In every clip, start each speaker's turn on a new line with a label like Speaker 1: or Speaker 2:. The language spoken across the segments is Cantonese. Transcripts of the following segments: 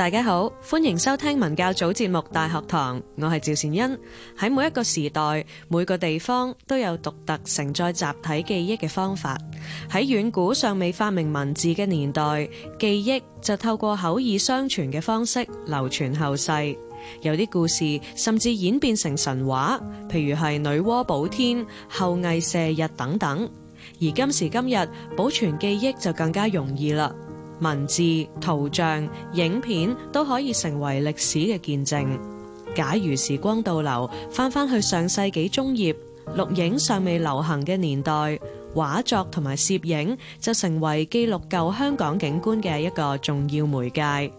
Speaker 1: 大家好，歡迎收聽文教組節目《大學堂》，我係趙善恩。喺每一個時代、每個地方都有獨特承載集體記憶嘅方法。喺遠古尚未發明文字嘅年代，記憶就透過口耳相傳嘅方式流傳後世。有啲故事甚至演變成神話，譬如係女媧補天、后羿射日等等。而今時今日，保存記憶就更加容易喇。文字、圖像、影片都可以成為歷史嘅見證。假如時光倒流，返返去上世紀中葉，錄影尚未流行嘅年代，畫作同埋攝影就成為記錄舊香港景觀嘅一個重要媒介。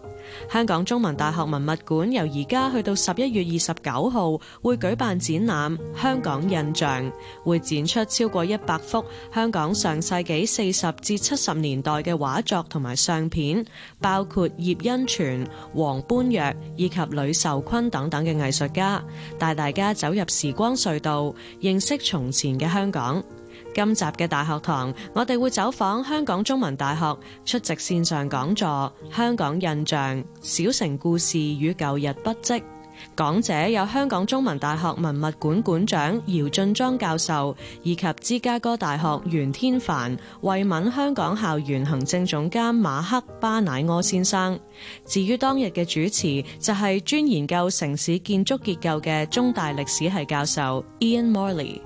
Speaker 1: 香港中文大學文物館由而家去到十一月二十九號會舉辦展覽《香港印象》，會展出超過一百幅香港上世紀四十至七十年代嘅畫作同埋相片，包括葉恩泉、黃般若以及呂壽坤等等嘅藝術家，帶大家走入時光隧道，認識從前嘅香港。今集嘅大學堂，我哋會走訪香港中文大學出席線上講座《香港印象：小城故事與舊日筆跡》。講者有香港中文大學文物館館,館長姚進莊教授，以及芝加哥大學袁天凡、慧敏香港校園行政總監馬克巴乃軻先生。至於當日嘅主持，就係、是、專研究城市建築結構嘅中大歷史系教授 Ian Morley。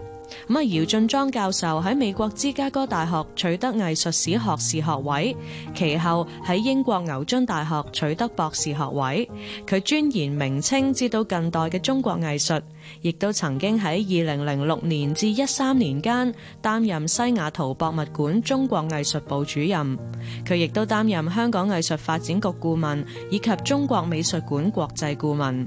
Speaker 1: 咁啊，姚進莊教授喺美國芝加哥大學取得藝術史學士學位，其後喺英國牛津大學取得博士學位。佢鑽研明清至到近代嘅中國藝術，亦都曾經喺二零零六年至一三年間擔任西雅圖博物館中國藝術部主任。佢亦都擔任香港藝術發展局顧問以及中國美術館國際顧問。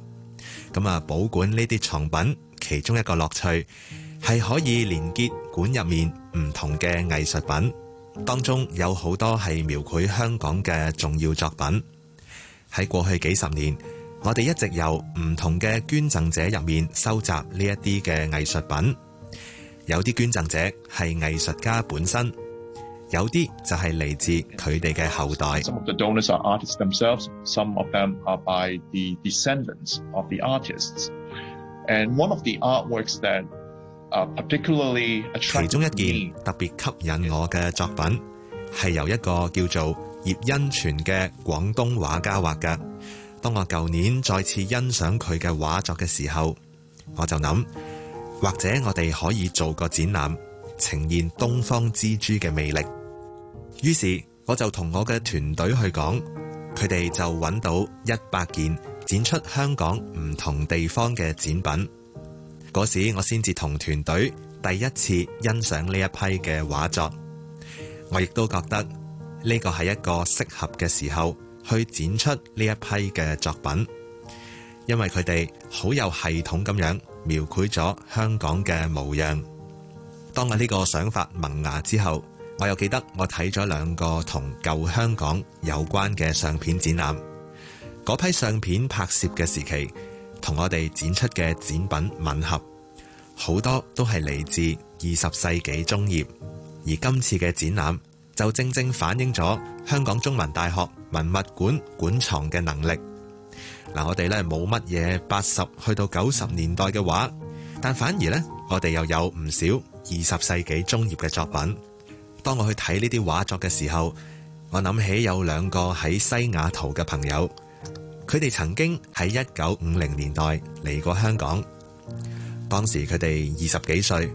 Speaker 2: 咁啊，保管呢啲藏品，其中一個樂趣係可以連結館入面唔同嘅藝術品，當中有好多係描繪香港嘅重要作品。喺過去幾十年，我哋一直由唔同嘅捐贈者入面收集呢一啲嘅藝術品，有啲捐贈者係藝術家本身。有啲就係嚟自佢哋嘅後代。
Speaker 3: 其
Speaker 2: 中一件特別吸引我嘅作品，係由一個叫做葉因泉嘅廣東畫家畫嘅。當我舊年再次欣賞佢嘅畫作嘅時候，我就諗，或者我哋可以做個展覽，呈現東方之珠嘅魅力。於是我就同我嘅團隊去講，佢哋就揾到一百件展出香港唔同地方嘅展品。嗰時我先至同團隊第一次欣賞呢一批嘅畫作，我亦都覺得呢個係一個適合嘅時候去展出呢一批嘅作品，因為佢哋好有系統咁樣描繪咗香港嘅模樣。當我呢個想法萌芽之後，我又記得，我睇咗兩個同舊香港有關嘅相片展覽。嗰批相片拍攝嘅時期，同我哋展出嘅展品吻合，好多都係嚟自二十世紀中葉。而今次嘅展覽就正正反映咗香港中文大學文物館館藏嘅能力。嗱，嗯，我哋咧冇乜嘢八十去到九十年代嘅話，但反而呢，我哋又有唔少二十世紀中葉嘅作品。當我去睇呢啲畫作嘅時候，我諗起有兩個喺西雅圖嘅朋友，佢哋曾經喺一九五零年代嚟過香港，當時佢哋二十幾歲。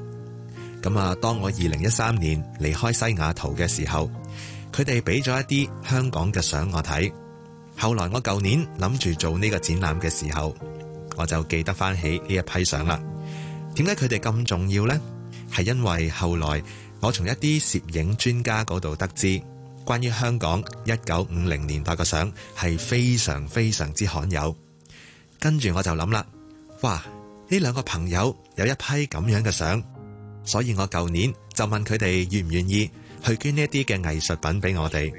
Speaker 2: 咁啊，當我二零一三年離開西雅圖嘅時候，佢哋俾咗一啲香港嘅相我睇。後來我舊年諗住做呢個展覽嘅時候，我就記得翻起呢一批相啦。點解佢哋咁重要呢？係因為後來。我從一啲攝影專家嗰度得知，關於香港一九五零年代嘅相係非常非常之罕有。跟住我就諗啦，哇！呢兩個朋友有一批咁樣嘅相，所以我舊年就問佢哋願唔願意去捐呢一啲嘅藝術品俾我哋。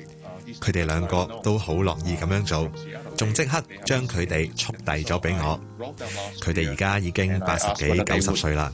Speaker 2: 佢哋兩個都好樂意咁樣做，仲即刻將佢哋速遞咗俾我。佢哋而家已經八十幾、九十歲啦。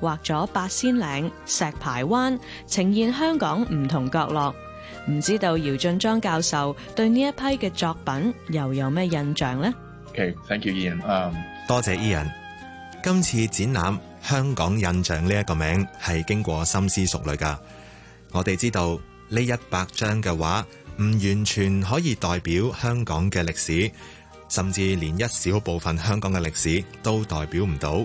Speaker 1: 畫咗八仙嶺、石排灣，呈現香港唔同角落。唔知道姚進莊教授對呢一批嘅作品又有咩印象呢
Speaker 2: ？Okay, thank you，Ian、um。嗯，多謝 Ian。今次展覽《香港印象》呢、這、一個名係經過深思熟慮噶。我哋知道呢一百張嘅畫唔完全可以代表香港嘅歷史，甚至連一小部分香港嘅歷史都代表唔到。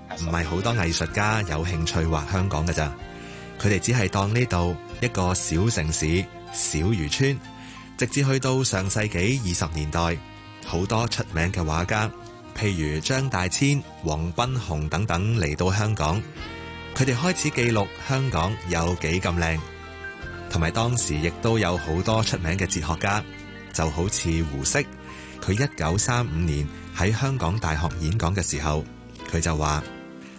Speaker 2: 唔係好多藝術家有興趣畫香港㗎咋。佢哋只係當呢度一個小城市，小漁村。直至去到上世紀二十年代，好多出名嘅畫家，譬如張大千、黃賓虹等等嚟到香港，佢哋開始記錄香港有幾咁靚。同埋當時亦都有好多出名嘅哲學家，就好似胡適，佢一九三五年喺香港大學演講嘅時候，佢就話。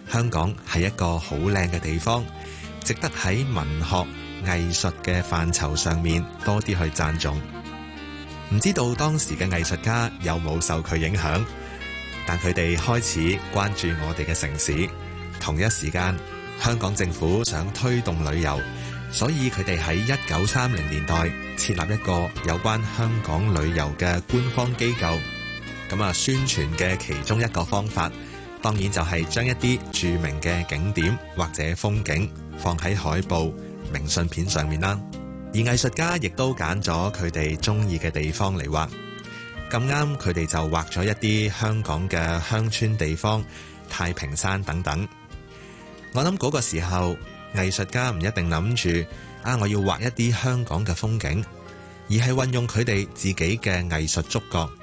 Speaker 2: 香港係一個好靚嘅地方，值得喺文學藝術嘅範疇上面多啲去讚頌。唔知道當時嘅藝術家有冇受佢影響，但佢哋開始關注我哋嘅城市。同一時間，香港政府想推動旅遊，所以佢哋喺一九三零年代設立一個有關香港旅遊嘅官方機構。咁啊，宣傳嘅其中一個方法。當然就係將一啲著名嘅景點或者風景放喺海報、明信片上面啦。而藝術家亦都揀咗佢哋中意嘅地方嚟畫。咁啱佢哋就畫咗一啲香港嘅鄉村地方、太平山等等。我諗嗰個時候，藝術家唔一定諗住啊，我要畫一啲香港嘅風景，而係運用佢哋自己嘅藝術觸覺。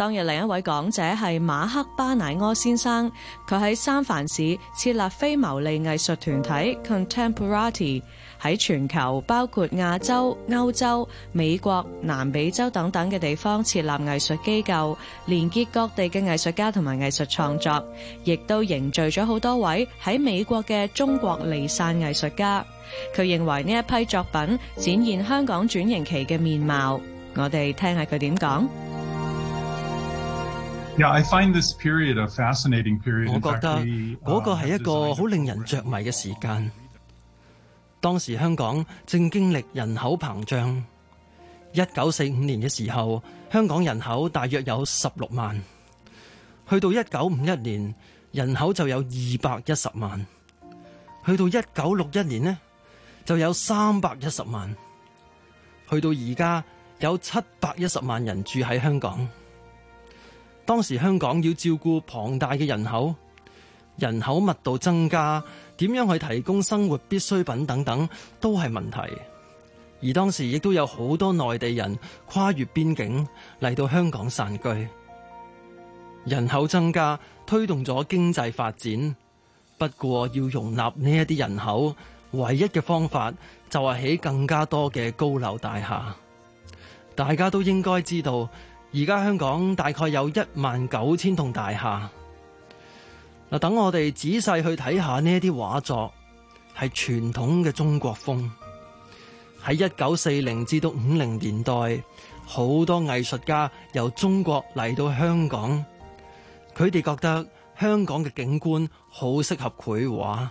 Speaker 1: 當日另一位講者係馬克巴乃軻先生，佢喺三藩市設立非牟利藝術團體 Contemporary，喺全球包括亞洲、歐洲、美國、南美洲等等嘅地方設立藝術機構，連結各地嘅藝術家同埋藝術創作，亦都凝聚咗好多位喺美國嘅中國離散藝術家。佢認為呢一批作品展現香港轉型期嘅面貌，我哋聽下佢點講。
Speaker 4: 我覺得嗰個係一個好令人着迷嘅時間。當時香港正經歷人口膨脹。一九四五年嘅時候，香港人口大約有十六萬；去到一九五一年，人口就有二百一十萬；去到一九六一年呢，就有三百一十萬；去到而家有七百一十萬人住喺香港。當時香港要照顧龐大嘅人口，人口密度增加，點樣去提供生活必需品等等都係問題。而當時亦都有好多內地人跨越邊境嚟到香港散居，人口增加推動咗經濟發展。不過要容納呢一啲人口，唯一嘅方法就係起更加多嘅高樓大廈。大家都應該知道。而家香港大概有一萬九千棟大廈。嗱，等我哋仔細去睇下呢啲畫作，係傳統嘅中國風。喺一九四零至到五零年代，好多藝術家由中國嚟到香港，佢哋覺得香港嘅景觀好適合繪畫。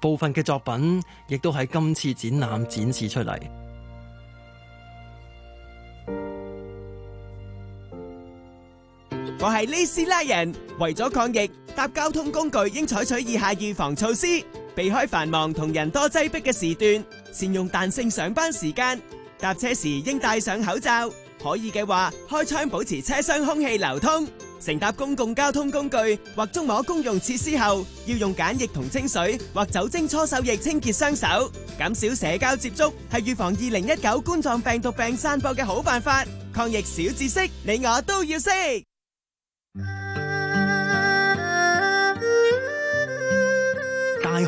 Speaker 4: 部分嘅作品亦都喺今次展覽展示出嚟。我係李斯拉人，為咗抗疫，搭交通工具應採取以下預防措施：避開繁忙同人多擠迫嘅時段，善用彈性上班時間。搭車時應戴上口罩，可以嘅話開窗，保持車廂空氣流通。乘搭公共交通工具或觸摸公用設施後，要用梘液同清水或酒精搓手液清潔雙手。減少社交接觸係預防二零一九冠狀病毒病散播嘅好辦法。抗疫小知識，你我都要識。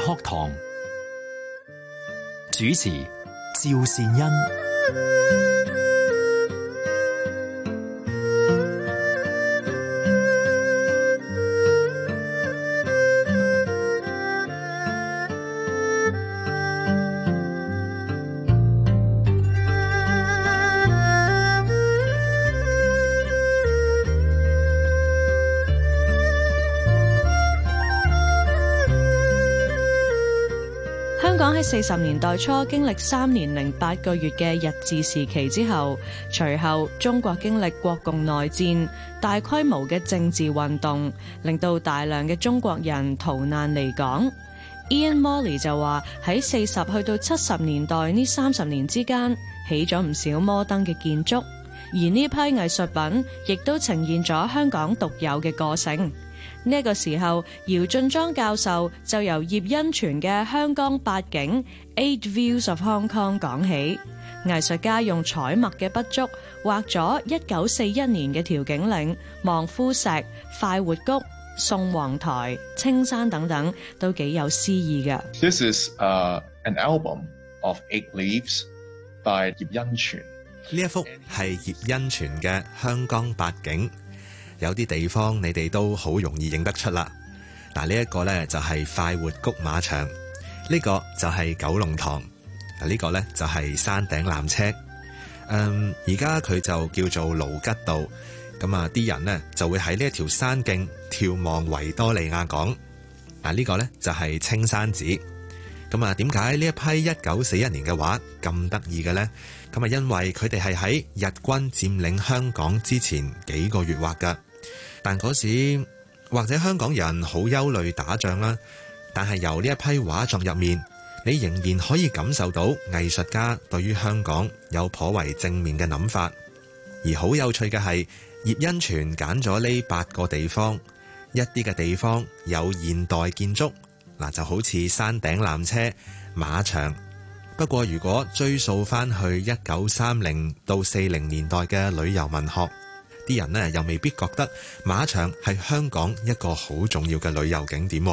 Speaker 2: 學堂主持：趙善恩。
Speaker 1: 四十年代初，經歷三年零八個月嘅日治時期之後，隨後中國經歷國共內戰，大規模嘅政治運動，令到大量嘅中國人逃難嚟港。Ian Morley 就話喺四十去到七十年代呢三十年之間，起咗唔少摩登嘅建築，而呢批藝術品亦都呈現咗香港獨有嘅個性。呢個時候，姚進莊教授就由葉恩泉嘅《香江八景》（Eight Views of Hong Kong） 講起。藝術家用彩墨嘅筆觸畫咗一九四一年嘅調景嶺、望夫石、快活谷、宋王台、青山等等，都幾有詩意嘅。
Speaker 3: This is
Speaker 2: an album of Eight Leaves by 葉恩泉。呢一幅係葉恩泉嘅《香江八景》。有啲地方你哋都好容易認得出啦。嗱，呢一個呢就係快活谷馬場，呢個就係九龍塘，啊，呢個呢就係山頂纜車。嗯，而家佢就叫做盧吉道。咁啊，啲人呢就會喺呢一條山徑眺望維多利亞港。嗱，呢個呢就係青山寺。咁啊，點解呢一批一九四一年嘅畫咁得意嘅呢？咁啊，因為佢哋係喺日軍佔領香港之前幾個月畫噶。但嗰時或者香港人好憂慮打仗啦，但係由呢一批畫作入面，你仍然可以感受到藝術家對於香港有頗為正面嘅諗法。而好有趣嘅係，葉恩全揀咗呢八個地方，一啲嘅地方有現代建築，嗱，就好似山頂纜車、馬場。不過如果追溯翻去一九三零到四零年代嘅旅遊文學。啲人咧又未必覺得馬場係香港一個好重要嘅旅遊景點，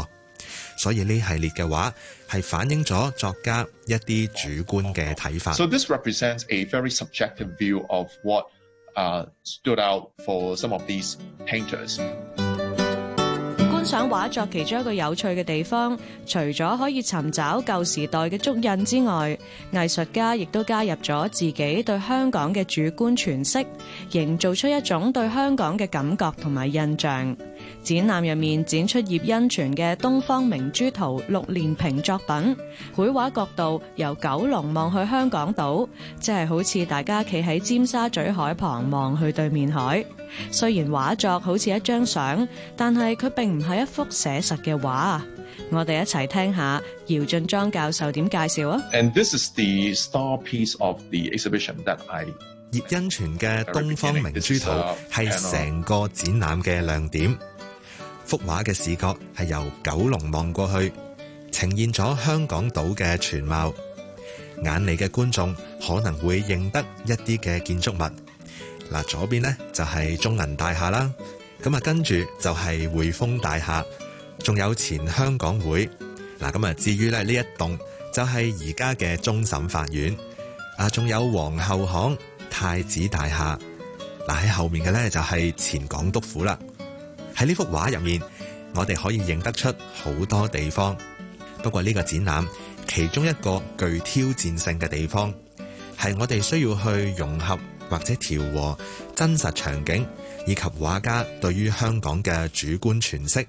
Speaker 2: 所以呢係列嘅畫係反映咗作家一啲主觀嘅睇法。
Speaker 1: 想畫作其中一個有趣嘅地方，除咗可以尋找舊時代嘅足印之外，藝術家亦都加入咗自己對香港嘅主觀詮釋，營造出一種對香港嘅感覺同埋印象。展覽入面展出葉恩泉嘅《東方明珠圖》六連屏作品，繪畫角度由九龍望去香港島，即係好似大家企喺尖沙咀海旁望去對面海。雖然畫作好似一張相，但係佢並唔係一幅寫實嘅畫。我哋一齊聽一下姚進莊教授點介紹
Speaker 3: 啊！And this is the star piece of the exhibition that I... 葉
Speaker 2: 恩泉嘅《東方明珠圖》係成個展覽嘅亮點。幅畫嘅視角係由九龍望過去，呈現咗香港島嘅全貌。眼利嘅觀眾可能會認得一啲嘅建築物。嗱，左邊呢就係中銀大廈啦，咁啊跟住就係匯豐大廈，仲有前香港會。嗱，咁啊至於咧呢一棟就係而家嘅終審法院。啊，仲有皇后巷太子大廈。嗱，喺後面嘅呢，就係前港督府啦。喺呢幅畫入面，我哋可以認得出好多地方。不過呢個展覽，其中一個具挑戰性嘅地方，係我哋需要去融合或者調和真實場景，以及畫家對於香港嘅主觀詮釋。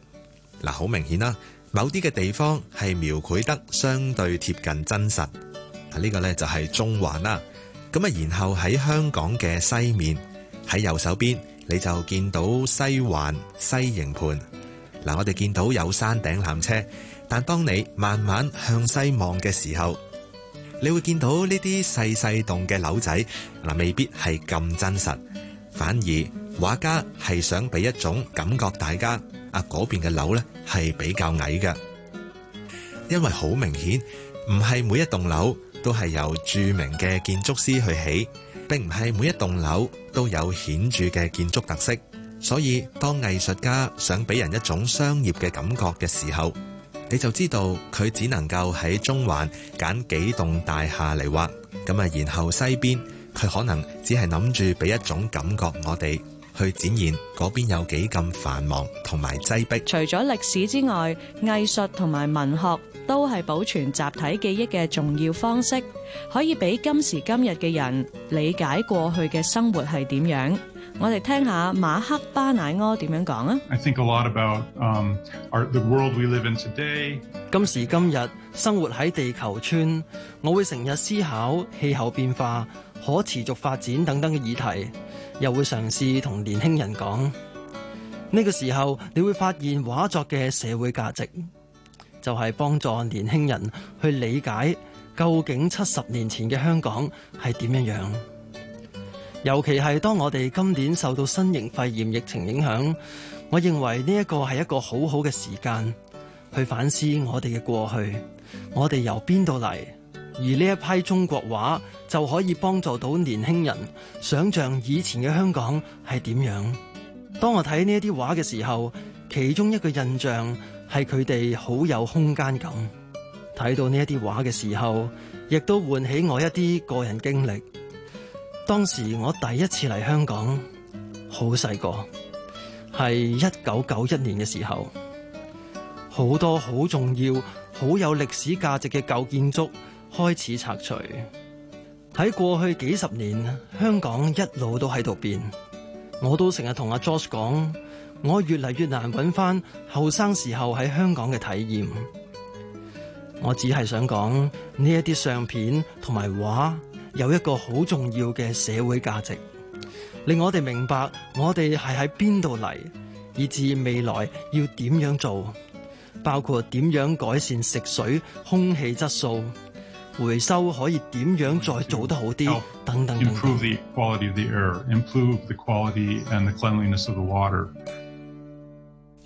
Speaker 2: 嗱，好明顯啦，某啲嘅地方係描繪得相對貼近真實。啊，呢個呢，就係中環啦。咁啊，然後喺香港嘅西面，喺右手邊。你就見到西環西營盤嗱、啊，我哋見到有山頂纜車，但當你慢慢向西望嘅時候，你會見到呢啲細細棟嘅樓仔嗱、啊，未必係咁真實，反而畫家係想俾一種感覺，大家啊，嗰邊嘅樓呢係比較矮嘅，因為好明顯唔係每一棟樓都係由著名嘅建築師去起。並唔係每一棟樓都有顯著嘅建築特色，所以當藝術家想俾人一種商業嘅感覺嘅時候，你就知道佢只能夠喺中環揀幾棟大廈嚟畫，咁啊然後西邊佢可能只係諗住俾一種感覺我哋去展現嗰邊有幾咁繁忙同埋
Speaker 1: 擠迫。除咗歷史之外，藝術同埋文學。都係保存集體記憶嘅重要方式，可以俾今時今日嘅人理解過去嘅生活係點樣。我哋聽下馬克巴乃軻點樣講
Speaker 4: 啊！I think a lot about the world we live in today. 今時今日生活喺地球村，我會成日思考氣候變化、可持續發展等等嘅議題，又會嘗試同年輕人講。呢個時候你會發現畫作嘅社會價值。就係幫助年輕人去理解究竟七十年前嘅香港係點樣樣，尤其係當我哋今年受到新型肺炎疫情影響，我認為呢一個係一個好好嘅時間去反思我哋嘅過去，我哋由邊度嚟，而呢一批中國畫就可以幫助到年輕人想象以前嘅香港係點樣。當我睇呢一啲畫嘅時候，其中一個印象。係佢哋好有空間感，睇到呢一啲畫嘅時候，亦都喚起我一啲個人經歷。當時我第一次嚟香港，好細個，係一九九一年嘅時候，好多好重要、好有歷史價值嘅舊建築開始拆除。喺過去幾十年，香港一路都喺度變，我都成日同阿 Josh 講。我越嚟越難揾翻後生時候喺香港嘅體驗。我只係想講呢一啲相片同埋畫有一個好重要嘅社會價值，令我哋明白我哋係喺邊度嚟，以至未來要點樣做，包括點樣改善食水、空氣質素、回收可以點樣再做得好啲等等，等等。Help improve the quality of the air, improve the quality and the cleanliness of the water.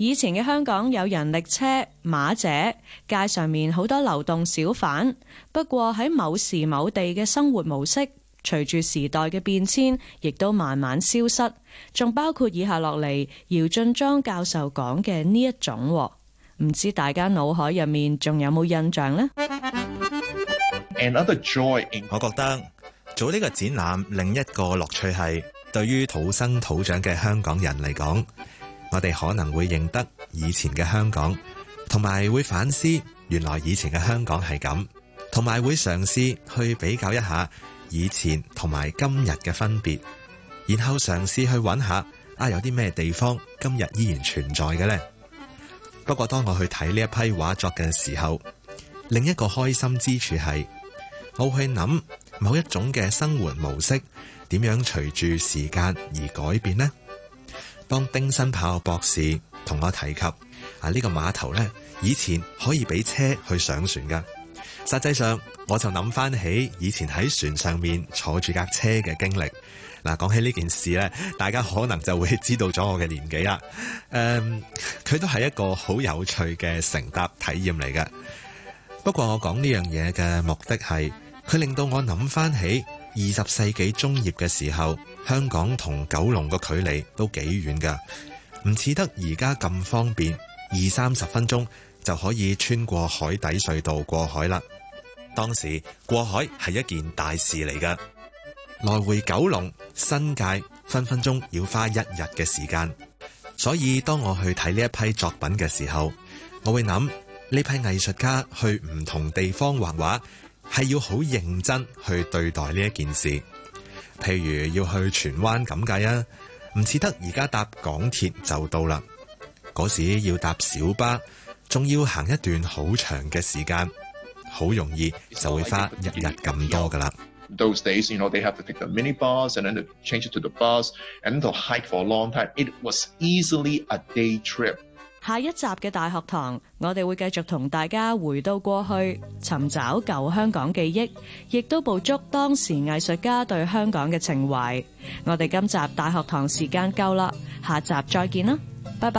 Speaker 1: 以前嘅香港有人力車、馬姐，街上面好多流動小販。不過喺某時某地嘅生活模式，隨住時代嘅變遷，亦都慢慢消失。仲包括以下落嚟，姚進莊教授講嘅呢一種，唔知大家腦海入面仲有冇印象呢
Speaker 2: ？And another joy：我覺得做呢個展覽，另一個樂趣係對於土生土長嘅香港人嚟講。我哋可能會認得以前嘅香港，同埋會反思原來以前嘅香港係咁，同埋會嘗試去比較一下以前同埋今日嘅分別，然後嘗試去揾下啊，有啲咩地方今日依然存在嘅呢？不過當我去睇呢一批畫作嘅時候，另一個開心之處係，我去諗某一種嘅生活模式點樣隨住時間而改變呢？當丁新炮博士同我提及啊呢、這個碼頭咧，以前可以俾車去上船噶。實際上，我就諗翻起以前喺船上面坐住架車嘅經歷。嗱，講起呢件事咧，大家可能就會知道咗我嘅年紀啦。誒、嗯，佢都係一個好有趣嘅乘搭體驗嚟嘅。不過我講呢樣嘢嘅目的係，佢令到我諗翻起二十世紀中葉嘅時候。香港同九龍個距離都幾遠噶，唔似得而家咁方便，二三十分鐘就可以穿過海底隧道過海啦。當時過海係一件大事嚟噶，來回九龍、新界分分鐘要花一日嘅時間。所以當我去睇呢一批作品嘅時候，我會諗呢批藝術家去唔同地方畫畫，係要好認真去對待呢一件事。譬如要去荃灣咁計啊，唔似得而家搭港鐵就到啦。嗰時要搭小巴，仲要行一段好長嘅時間，好容易就會花一日
Speaker 3: 咁多㗎喇。
Speaker 1: 下一集嘅大學堂，我哋會繼續同大家回到過去，尋找舊香港記憶，亦都捕捉當時藝術家對香港嘅情懷。我哋今集大學堂時間夠啦，下集再見啦，拜拜。